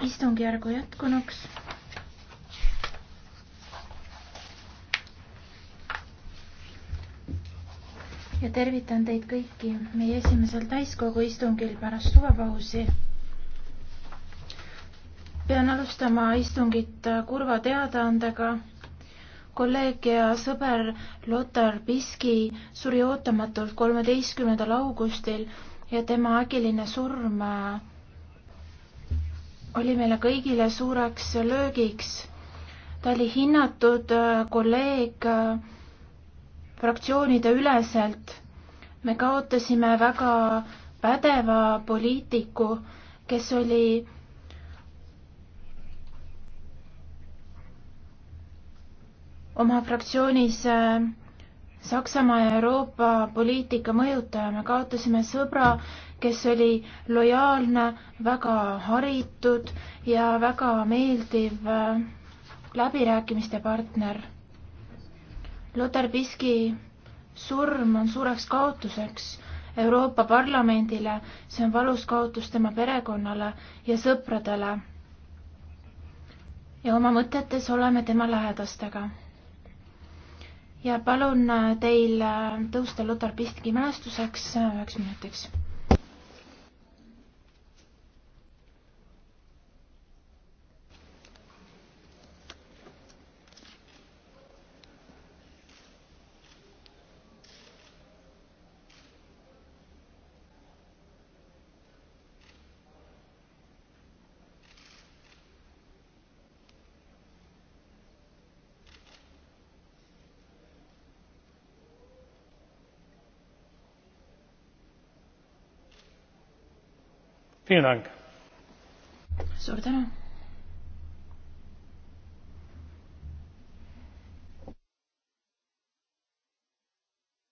istungjärgu jätkunuks. ja tervitan teid kõiki meie esimesel täiskogu istungil pärast suvepausi. pean alustama istungit kurva teadaandega kolleeg ja sõber Lotar Piski suri ootamatult kolmeteistkümnendal augustil ja tema äkiline surm oli meile kõigile suureks löögiks. ta oli hinnatud äh, kolleeg äh, fraktsioonide üleselt. me kaotasime väga pädeva poliitiku, kes oli oma fraktsioonis äh, Saksamaa ja Euroopa poliitika mõjutaja, me kaotasime sõbra, kes oli lojaalne, väga haritud ja väga meeldiv äh, läbirääkimiste partner. Lothar Biski surm on suureks kaotuseks Euroopa Parlamendile, see on valus kaotus tema perekonnale ja sõpradele. ja oma mõtetes oleme tema lähedastega ja palun äh, teil äh, tõusta Lotar Pistki mälestuseks äh, üheks minutiks. suur tänu!